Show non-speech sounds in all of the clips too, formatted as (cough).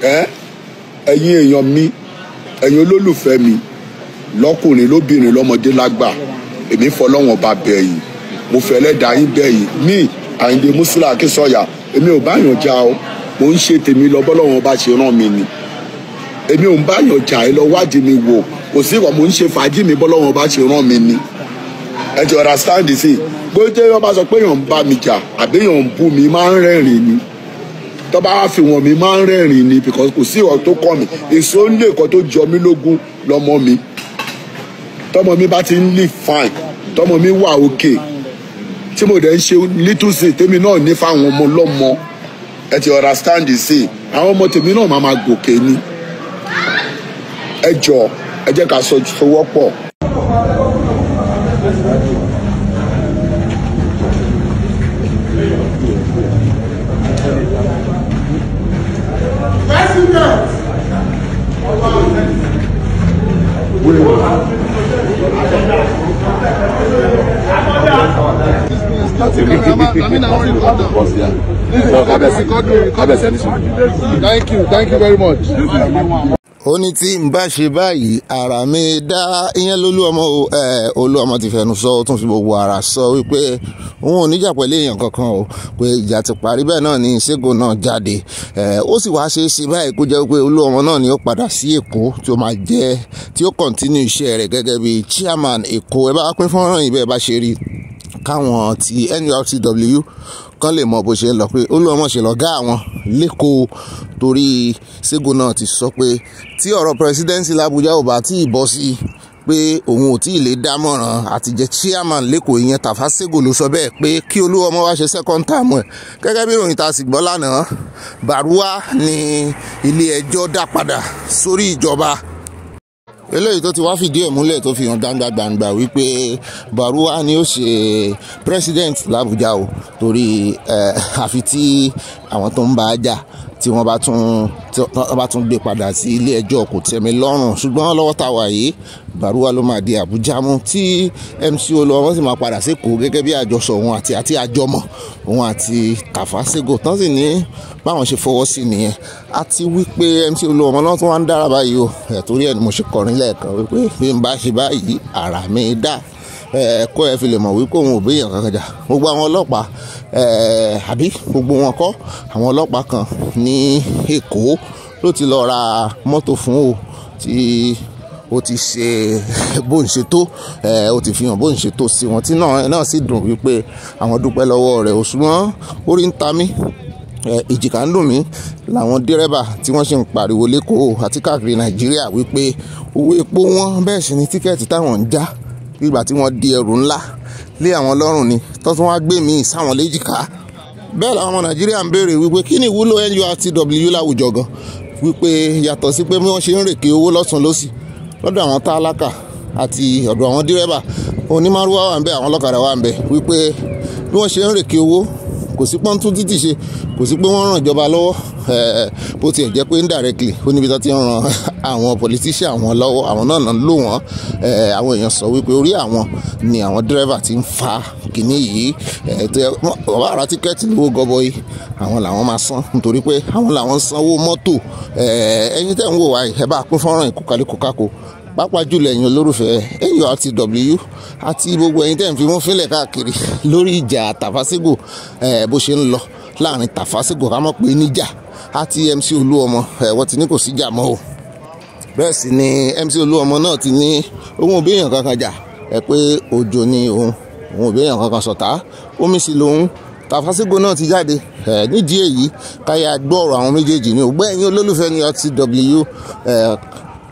ẹ̀yin èèyàn mi ẹ̀yin olólùfẹ́ mi lọ́kùnrin lóbìnrin lọ́mọdé lágbà èmi fọlọ́wọ́n bá bẹ̀ yín mo fẹ́ lẹ́dàá yín bẹ̀ yín mí Àyìndé Músílà Akínsọ̀yà èmi ò bá yàn já o mo ń ṣe tèmi lọ bọ́lọ́wọ́n bá ṣe rán mi ni èmi ò ń bá yàn já ẹ lọ wádìí mi wò kò sí ìwà mo ń ṣe fàájì mi bọ́lọ́wọ́n bá ṣe rán mi ni ẹ ti understand sí gbọ́dọ̀ bá sọ pé èèyàn ń bá mi jà àbí èèyàn ń bú mi máa ń rẹ́rìn-ín ni tọ́ba wá fi wọ̀n mi máa ń rẹ́rìn ni because kò sí ìwọ tó kọ́ mi èso ń lè kọ́ tó jọ mí lógún lọ́mọ mi tọ́mọ mi bá ti ń live fine tọ́mọ mi wà okay tí mo dẹ̀ ń ṣe little sin tèmi náà ní fáwọn ọmọ lọ́mọ ẹ ti understand the sin àwọn ọmọ tèmi náà máa ma gòkè ni ẹ jọ ẹ jẹ́ ká sọ fọwọ́pọ̀. So, Thank you. Thank you very much ó ní tí n bá ṣe báyìí ara mi dá ìyẹn lólú ọmọ ẹ olú ọmọ ti fẹnu sọ ó tún fi gbogbo ara sọ wípé òun ò níjà pẹ̀lú èèyàn kankan o pé ìjà ti parí bẹ́ẹ̀ náà ni ìṣègùn náà jáde ẹ ó sì wá ṣe é ṣe báyìí kó jẹ́ pé olú ọmọ náà ni ó padà sí èkó tí ó máa jẹ́ tí ó kọ̀ntínú iṣẹ́ rẹ̀ gẹ́gẹ́ bí chairman èkó ẹ bá pín fọ́nrán yìí bẹ́ẹ̀ bá ṣe rí káwọn ti NURTW kan lè mọ bó ṣe ń lọ pé olú ọmọ ṣe lọ gá àwọn lẹ́kọ̀ọ́ torí Ṣẹ́gun náà ti sọ pé tí ọ̀rọ̀ presidency làbújá ò bá tí ì bọ́ sí i pé òun ò tí ì lè dámọ̀ràn àti jẹ́ chairman lẹ́kọ̀ọ́ ìyẹn Tafa Ṣẹ́gun ló sọ bẹ́ẹ̀ pé kí Olúọmọ wá ṣe second term ẹ̀ gẹ́gẹ́ bí ìròyìn tá sì gbọ́ lánàá Bárúwá ni ilé ẹjọ́ dá padà sórí ìjọba eléyìí tó ti wá fìdí ẹ̀ múlẹ̀ tó fi hàn gbangba-gbangba wípé Baruwa ni ó ṣe president l'Abuja o torí eh, àfi tí àwọn tó ń bá a jà tí wọ́n bá tún tí wọ́n bá tún gbé padà sí ilé ẹjọ́ kò tẹ́mi lọ́rùn ṣùgbọ́n lọ́wọ́ tá a wà yìí bàrúwá ló máa di àbújá mú tí MC Olúwa wọ́n sì máa padà sékòó gẹ́gẹ́ bí àjọsọ òun àti àti àjọmọ̀ òun àti Tafa-Sego tán sì ní báwọn ṣe fọwọ́ sí nìyẹn àti wípé MC Olúwa ọmọ náà tún wá ń dára báyìí o ẹ̀ torí ẹ̀ ni mo ṣe kọrin lẹ́ẹ̀kan wípé bí n bá ṣe báyìí àrà mi dáa ẹ̀kọ́ ẹ̀ fi lè mọ̀ wípé òun ò béèyàn kankan jà gbogbo àwọn ọlọ́pàá àbí gbogbo wọn kọ́ àwọn ọlọ́pàá kan ní Èkó ló ti lọ ra mọ́tò fún o tí ó ti ṣe bó ń ṣe tó ó ti fi hàn bó ń ṣe tó sí wọn tí náà sì dùn wípé àwọn dúpẹ́ lọ́wọ́ rẹ̀ ò ṣùgbọ́n orí ń ta mí ìjìká ń dùn mí làwọn dírẹ́bà tí wọ́n ṣe ń pariwo lẹ́kọ̀ọ́ àti káàkiri Nàìjíríà wípé owó epo wọn bẹ́ẹ̀ sì ni tíkẹ́ẹ̀tì táwọn ń já bí ìgbà tí wọ́n di ẹrù ńlá lé àwọn lọ́rùn ni tó tún wá gbé míì sáwọn léjìká bẹ́ẹ̀ làwọn ọmọ nàìjíríà ń béèrè wípé kí ni ìwúlò NURTW láwùjọ gan wípé yàtọ̀ sí pé bí wọ́n ṣe ń rèké owó lọ́tún lọ́sì lọ́dọ̀ àwọn tálákà àti ọ̀dọ̀ àwọn dírẹ́bà onímọ̀rúwá wà ń bẹ àwọn ọlọ́kadà wà ń bẹ wípé bí wọ́n ṣe ń rèké owó kò sí pọ́ńtú títì ṣe kò sí pé wọ́n ràn ìjọba lọ́wọ́ eh, bó tiẹ̀ jẹ́ pé indirectly ó níbi tó ti ràn (laughs) àwọn politician àwọn lọ́wọ́ àwọn náà náà lò wọ́n eh, àwọn èèyàn sọ wípé orí àwọn ni àwọn dírẹ́fà ti ń fa kìíní yìí eh, ọba àrà tíkẹ́ẹ̀tì lówó gọbọi àwọn làwọn máa san nítorí pé àwọn làwọn sanwó mọ́tò ẹ̀yin tẹ́ ń wò wáyé ẹ bá pín fọ́nrán ìkókalẹ́kókákó pàápàá jùlọ ẹ̀yin olórúfẹ́ ẹ̀yin RTW àti gbogbo ẹ̀yin tẹ̀ ń fi mú fílẹ̀ káàkiri lórí ìjà Tàfásígò bó ṣe ń lọ láàrin Tàfásígò ká mọ̀ pé níjà àti MC Olúọmọ ẹ̀wọ́n ti ní kò síjà mọ́ o bẹ́ẹ̀ sì ni MC Olúọmọ náà ti ní òun ò béèyàn kankan jà ẹ pé òjò ni òun òun ò béèyàn kankan sọ̀tá omi sì lòun Tàfásígò náà ti jáde ẹ nídìí èyí káyà gbọ́ ọ̀rọ̀ àwọn méjèèjì ní ògbẹ́ ẹ̀yin olólùfẹ́ ní RTW ẹ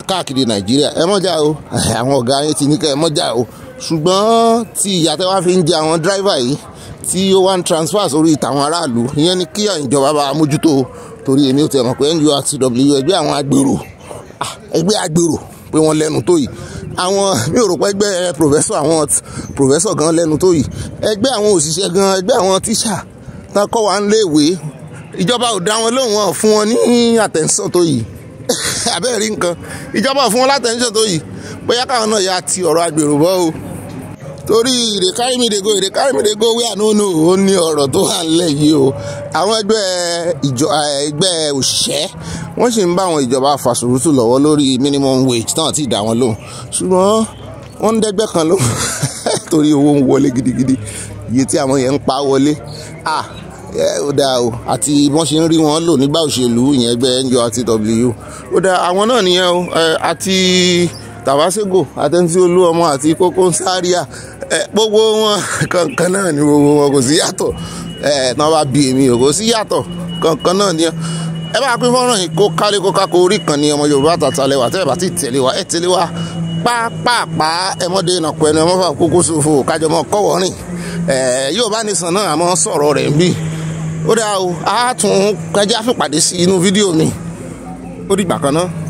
káàkiri nàìjíríà ẹ mọ́jà o (laughs) àwọn ọ̀gá yẹn ti ní kẹ́ ẹ mọ́jà o ṣùgbọ́n tí ìyà tẹ́ wá fi ń jẹ àwọn dráìvà yìí tí ó wá ń transfer sórí ìtàwọn aráàlú ìyẹn ni kí ìjọba bá mójútó torí èmi ò tẹ̀ mọ̀ pé NURTW ẹgbẹ́ àwọn agbèrò ah, ẹgbẹ́ agbèrò pé wọ́n lẹ́nu tó yìí àwọn mi ò rò pé ẹgbẹ́ professor àwọn professor gan lẹ́nu tó yìí ẹgbẹ́ àwọn òṣìṣẹ́ gan ẹgbẹ́ àwọn tíṣà tán kọ́ wa ń léèwé ìjọba ò dá wọn lóhùn wọn fún wọn ní àtẹ̀sán tó yìí àbẹ́ẹ̀ (coughs) rí nǹkan ìjọba fún wọn látẹ̀ńṣọ̀ tó yìí bóyá káwọn náà yà á ti ọ̀rọ̀ agbèrò bọ́ o torí ìrè kárí mi dè go ìrè kárí mi dè go wíwà nónú ó ní ọ̀rọ̀ tó wà nílẹ̀ yìí o àwọn ẹgbẹ́ ìjọ ẹgbẹ́ òṣìṣẹ́ wọ́n sì ń bá àwọn ìjọba fa lọ́wọ́ lórí minimum wage náà ti dá wọn lóhùn ṣùgbọ́n wọ́n ń dẹ́gbẹ́ kan lóhùn (laughs) torí owó ń wọlé gidigidi iye tí àwọn yẹn ń pa wọlé ah ó dáa o àti wọ́n ṣe ń rí wọn lò nígbà òṣèlú ìyẹn ẹgbẹ́ NURTW ó dáa àwọn náà nìyẹn o àti Tàbáṣégò àtẹnusí Olúọmọ àti Kókó Zaria gbogbo wọn kankan náà ni gbogbo wọn kò sí yàtọ̀ náà bá bí èmi ò kò sí yàtọ̀ kankan náà nìyẹn ẹ bá pín fọ́nrán yìí kó kálé kó kákó orí kan ní ọmọ Yorùbá Àtàtà lẹ́wà tẹ́ ẹ bá ti tẹ̀lé wa ẹ tẹ̀lé wa pápápá ẹmọdé nàkú ẹnu ẹmọfà kókó ṣòfò kájọmọ kọwọrin yóò bá ní sàn náà àmọ́ sọ̀rọ̀ rẹ̀ ń bí ó dáa o a tún kájá fìpàdé sí inú fídíò mi ó dìgbà kan náà.